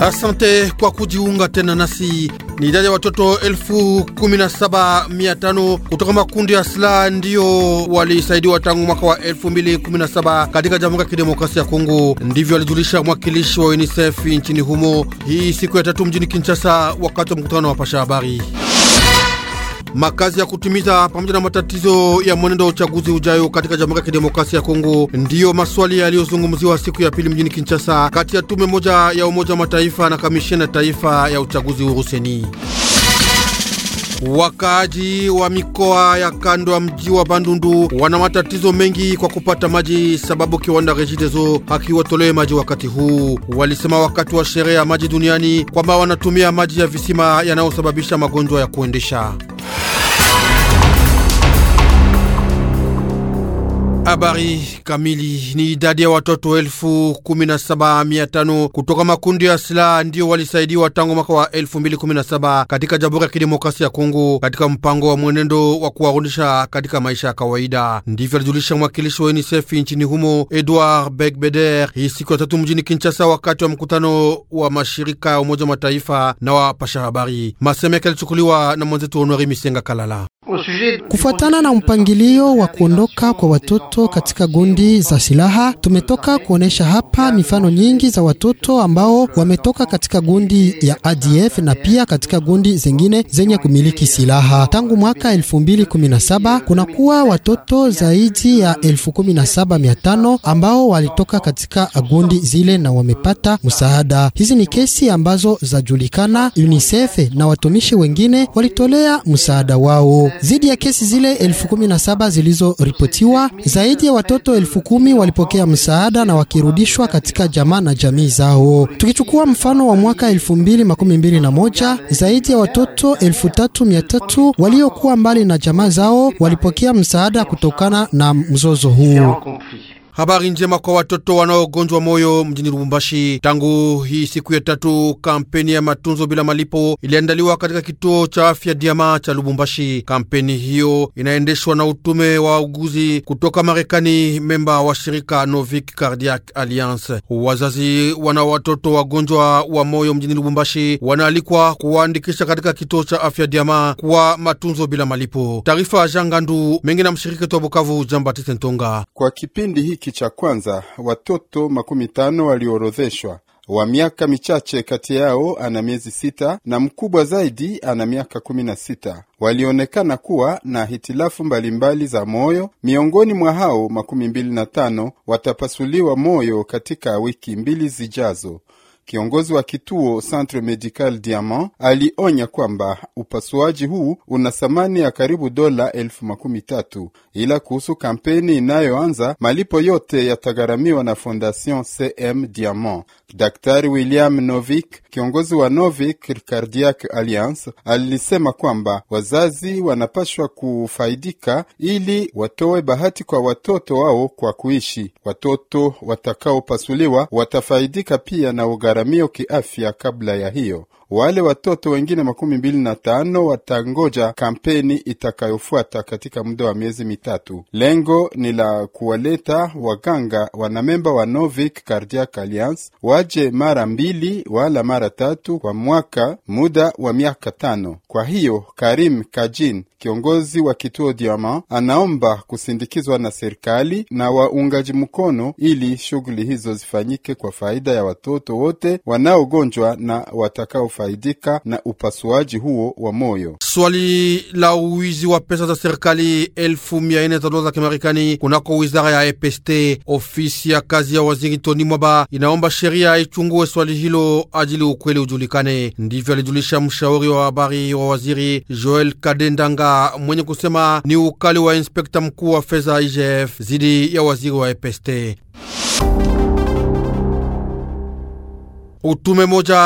Asante kwa kujiunga tena nasi. Ni idadi ya watoto 17500 kutoka makundi ya silaha ndiyo walisaidiwa tangu mwaka wa 2017 katika Jamhuri ya Kidemokrasia ya Kongo. Ndivyo alijulisha mwakilishi wa UNICEF nchini humo hii siku ya tatu mjini Kinshasa, wakati wa mkutano wa pasha habari. Makazi ya kutimiza pamoja na matatizo ya mwenendo wa uchaguzi ujayo katika Jamhuri ya Kidemokrasia ya Kongo ndiyo maswali yaliyozungumziwa siku ya pili mjini Kinshasa kati ya tume moja ya Umoja wa Mataifa na kamisheni ya taifa ya uchaguzi uruseni. Wakaaji wa mikoa ya kando ya mji wa Bandundu wana matatizo mengi kwa kupata maji, sababu kiwanda Regideso hakiwatolee maji wakati huu. Walisema wakati wa sherehe ya maji duniani kwamba wanatumia maji ya visima yanayosababisha magonjwa ya kuendesha. Habari kamili ni idadi ya watoto elfu kumi na saba mia tano kutoka makundi ya silaha ndiyo walisaidiwa tangu mwaka wa elfu mbili kumi na saba katika Jamhuri ya Kidemokrasia ya Kongo katika mpango wa mwenendo wa kuwarudisha katika maisha ya kawaida. Ndivyo alijulisha mwakilishi wa UNICEF nchini humo Edward Begbeder hii siku ya tatu mjini Kinshasa, wakati wa mkutano wa mashirika ya Umoja wa Mataifa na wapasha habari. Maseme yake na mwenzetu Honori Misenga Kalala. Kufuatana na mpangilio wa kuondoka kwa watoto katika gundi za silaha, tumetoka kuonesha hapa mifano nyingi za watoto ambao wametoka katika gundi ya ADF na pia katika gundi zingine zenye kumiliki silaha. Tangu mwaka 2017 kunakuwa watoto zaidi ya 17500 ambao walitoka katika gundi zile na wamepata msaada. Hizi ni kesi ambazo zajulikana. UNICEF na watumishi wengine walitolea msaada wao zidi ya kesi zile elfu kumi na saba zilizoripotiwa, zaidi ya watoto elfu kumi walipokea msaada na wakirudishwa katika jamaa na jamii zao. Tukichukua mfano wa mwaka moja zaidi ya watoto elfu tatu mia tatu waliokuwa mbali na jamaa zao walipokea msaada kutokana na mzozo huu. Habari njema kwa watoto wanaogonjwa moyo mjini Lubumbashi. Tangu hii siku ya tatu, kampeni ya matunzo bila malipo iliandaliwa katika kituo cha afya Diama cha Lubumbashi. Kampeni hiyo inaendeshwa na utume wa uguzi kutoka Marekani, memba wa shirika Novik Cardiac Alliance. Wazazi wana watoto wagonjwa wa moyo mjini Lubumbashi wanaalikwa kuwaandikisha katika kituo cha afya Diama kwa matunzo bila malipo. Taarifa ya Jangandu mengi na mshiriki wa Bukavu Jean Batiste Ntonga. Kwa kipindi hiki hiki cha kwanza watoto makumi tano waliorodheshwa wa miaka michache kati yao ana miezi sita na mkubwa zaidi ana miaka kumi na sita walionekana kuwa na hitilafu mbalimbali za moyo. Miongoni mwa hao makumi mbili na tano watapasuliwa moyo katika wiki mbili zijazo. Kiongozi wa kituo Centre Medical Diamant alionya kwamba upasuaji huu una thamani ya karibu dola elfu makumi tatu ila kuhusu kampeni inayoanza malipo yote yatagharamiwa na Fondation CM diamon Daktari William Novik, kiongozi wa Novik Cardiac Alliance, alisema kwamba wazazi wanapashwa kufaidika ili watoe bahati kwa watoto wao kwa kuishi. Watoto watakaopasuliwa watafaidika pia na ugharamio kiafya kabla ya hiyo. Wale watoto wengine makumi mbili na tano watangoja kampeni itakayofuata katika muda wa miezi mitatu. Lengo ni la kuwaleta waganga wanamemba wa Novik Cardiac Alliance waje mara mbili wala mara tatu kwa mwaka, muda wa miaka tano. Kwa hiyo Karim Kajin kiongozi wa kituo Diama anaomba kusindikizwa na serikali na waungaji mkono ili shughuli hizo zifanyike kwa faida ya watoto wote wanaogonjwa na watakaofaidika na upasuaji huo wa moyo. Swali la uwizi wa pesa za serikali elfu mia nne za dola za Kimarekani kunako wizara ya EPST, ofisi ya kazi ya waziri toni Mwaba inaomba sheria ichungue swali hilo ajili ukweli ujulikane. Ndivyo alijulisha mshauri wa habari wa waziri Joel Kadendanga Kabila mwenye kusema ni ukali wa inspekta mkuu wa fedha IGF zidi ya waziri wa EPST. Utume moja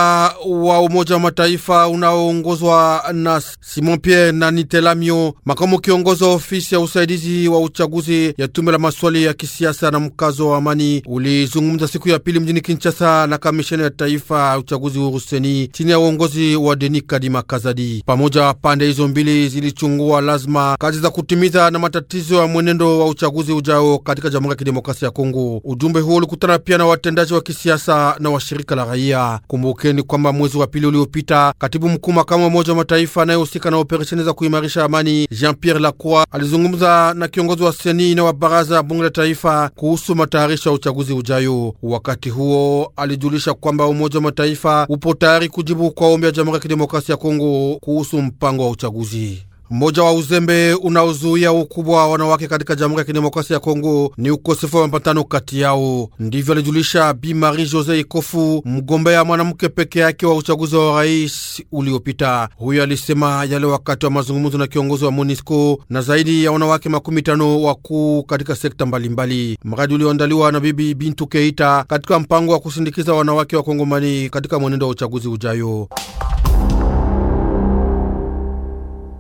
wa Umoja wa Mataifa unaoongozwa na Simon Pierre na Nitelamio, makamu kiongozi wa ofisi ya usaidizi wa uchaguzi ya tume la maswali ya kisiasa na mkazo wa amani, ulizungumza siku ya pili mjini Kinshasa na kamisheni ya taifa ya uchaguzi uruseni chini ya uongozi wa Denis Kadima Kazadi. Pamoja pande hizo mbili zilichungua lazima kazi za kutimiza na matatizo ya mwenendo wa uchaguzi ujao katika Jamhuri ya Kidemokrasia ya Kongo. Ujumbe huo ulikutana pia na watendaji wa kisiasa na washirika la raia raia. Kumbukeni kwamba mwezi wa pili uliopita, katibu mkuu makamu wa Umoja wa Mataifa anayehusika na operesheni za kuimarisha amani Jean Pierre Lacroix alizungumza na kiongozi wa seni na wa baraza bunge la taifa kuhusu matayarisho ya uchaguzi ujayo. Wakati huo alijulisha kwamba Umoja wa Mataifa upo tayari kujibu kwa ombi ya Jamhuri ya Kidemokrasia ya Kongo kuhusu mpango wa uchaguzi. Mmoja wa uzembe unaozuia ukubwa wa wanawake katika Jamhuri ya Kidemokrasia ya Kongo ni ukosefu wa mapatano kati yao. Ndivyo alijulisha Bi Marie Jose Ikofu, mgombea mwanamke peke yake wa uchaguzi wa rais uliopita. Huyo alisema yale wakati wa mazungumzo na kiongozi wa MONISCO na zaidi ya wanawake makumi tano wakuu katika sekta mbalimbali. Mradi ulioandaliwa na Bibi Bintu Keita katika mpango wa kusindikiza wanawake wa Kongomani katika mwenendo wa uchaguzi ujayo.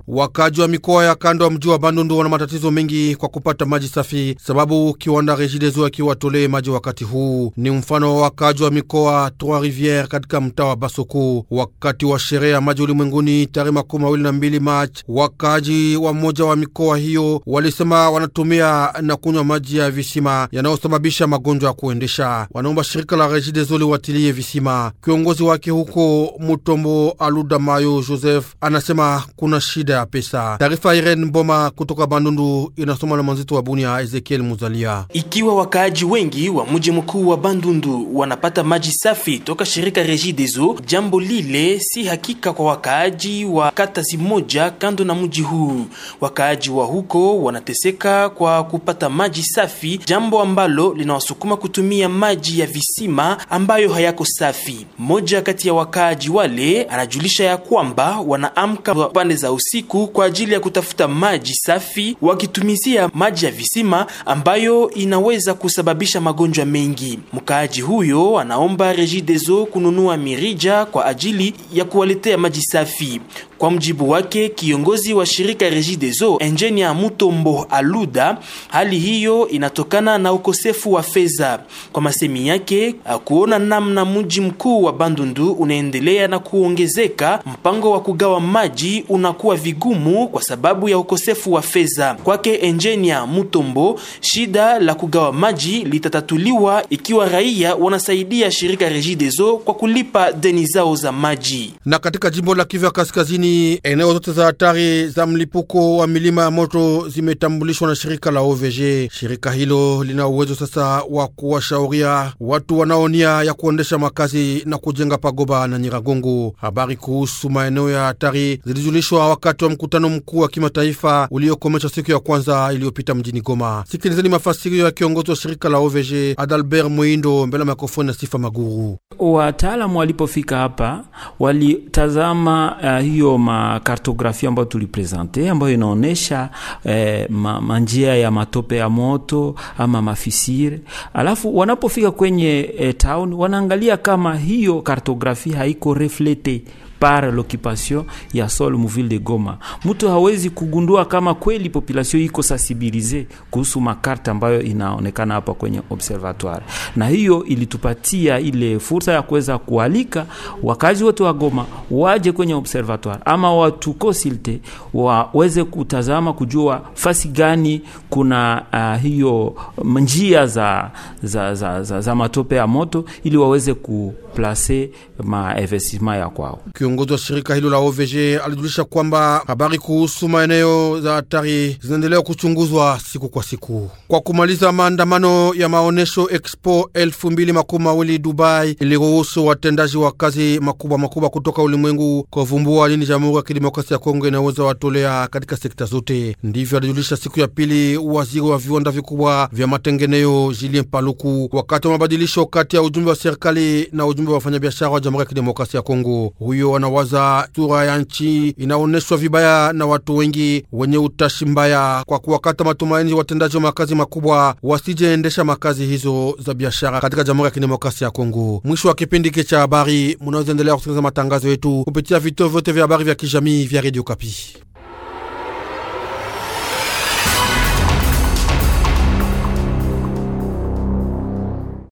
Wakaji wa mikoa ya kando ya mji wa Bandundu wana matatizo mengi kwa kupata maji safi, sababu kiwanda Regideso akiwatolee maji wakati huu. Ni mfano wa wakaji wa mikoa Trois Rivieres katika mtaa wa Basoko. Wakati wa sherehe ya maji ulimwenguni tarehe makumi mawili na mbili Machi, wakaji wa mmoja wa mikoa hiyo walisema wanatumia na kunywa maji ya visima yanayosababisha magonjwa ya kuendesha. Wanaomba shirika la Regideso liwatilie visima. Kiongozi wake huko Mutombo Aludamayo Joseph anasema kuna shida ya pesa. Taarifa Irene Mboma kutoka Bandundu inasoma na mwanzito wa Bunia Ezekiel Muzalia. Ikiwa wakaaji wengi wa mji mkuu wa Bandundu wanapata maji safi toka shirika Regideso, jambo lile si hakika kwa wakaaji wa kata zimoja kando na mji huu. Wakaaji wa huko wanateseka kwa kupata maji safi, jambo ambalo linawasukuma kutumia maji ya visima ambayo hayako safi. Mmoja kati ya wakaaji wale anajulisha ya kwamba wanaamka pande za usiku siku kwa ajili ya kutafuta maji safi, wakitumizia maji ya visima ambayo inaweza kusababisha magonjwa mengi. Mkaaji huyo anaomba Regideso kununua mirija kwa ajili ya kuwaletea maji safi. Kwa mjibu wake kiongozi wa shirika Regideso Engenia Mutombo Aluda, hali hiyo inatokana na ukosefu wa fedha. Kwa masemi yake, kuona namna mji mkuu wa Bandundu unaendelea na kuongezeka, mpango wa kugawa maji unakuwa vigumu kwa sababu ya ukosefu wa fedha. Kwake Enjenia Mutombo, shida la kugawa maji litatatuliwa ikiwa raia wanasaidia shirika Regideso kwa kulipa deni zao za maji. Na katika jimbo la Kivu Kaskazini, eneo zote za hatari za mlipuko wa milima ya moto zimetambulishwa na shirika la OVG. Shirika hilo lina uwezo sasa wa kuwashauria watu wanaonia ya kuendesha makazi na kujenga pagoba na Nyiragongo. Habari kuhusu maeneo ya hatari zilijulishwa wakati wa mkutano mkuu wa kimataifa uliokomeshwa siku ya kwanza iliyopita mjini Goma. Sikilizeni mafasirio ya kiongozi wa shirika la OVG Adalbert Mwindo mbele ya mikrofoni na Sifa Maguru. Wataalamu walipofika hapa walitazama uh, hiyo makartografia ambayo tuliprezente ambayo inaonyesha eh, manjia ya matope ya moto ama mafisire, alafu wanapofika kwenye eh, town wanaangalia kama hiyo kartografia haiko reflete par l'occupation ya sol muvile de Goma. Mtu hawezi kugundua kama kweli population iko sensibilize kuhusu makarta ambayo inaonekana hapa kwenye observatoire, na hiyo ilitupatia ile fursa ya kuweza kualika wakazi wote wa Goma waje kwenye observatoire ama watu kosilte waweze kutazama kujua fasi gani kuna uh, hiyo njia za za, za, za, za matope ya moto ili waweze ku plase mainvestisma ya kwao. Kiongozi wa shirika hilo la OVG alijulisha kwamba habari kuhusu maeneo za hatari zinaendelea kuchunguzwa siku kwa siku. Kwa kumaliza, maandamano ya maonesho Expo 2020 Dubai iliruhusu watendaji wa kazi makubwa makubwa kutoka ulimwengu kuvumbua nini Jamhuri ya Kidemokrasia ya Kongo inaweza watolea katika sekta zote. Ndivyo alijulisha siku ya pili waziri wa viwanda vikubwa vya matengeneo Julien Paluku wakati wa mabadilisho kati ya ujumbe wa serikali na ujumbe ujumbe wa wafanyabiashara wa Jamhuri ya Kidemokrasia ya Kongo. Huyo anawaza sura ya nchi inaonyeshwa vibaya na watu wengi wenye utashi mbaya kwa kuwakata matumaini watendaji wa makazi makubwa wasijeendesha makazi hizo za biashara katika Jamhuri ya Kidemokrasia ya Kongo. Mwisho wa kipindi hiki cha habari, munaweza endelea kusikiliza matangazo yetu kupitia vituo vyote vya habari vya kijamii vya Radio Kapi.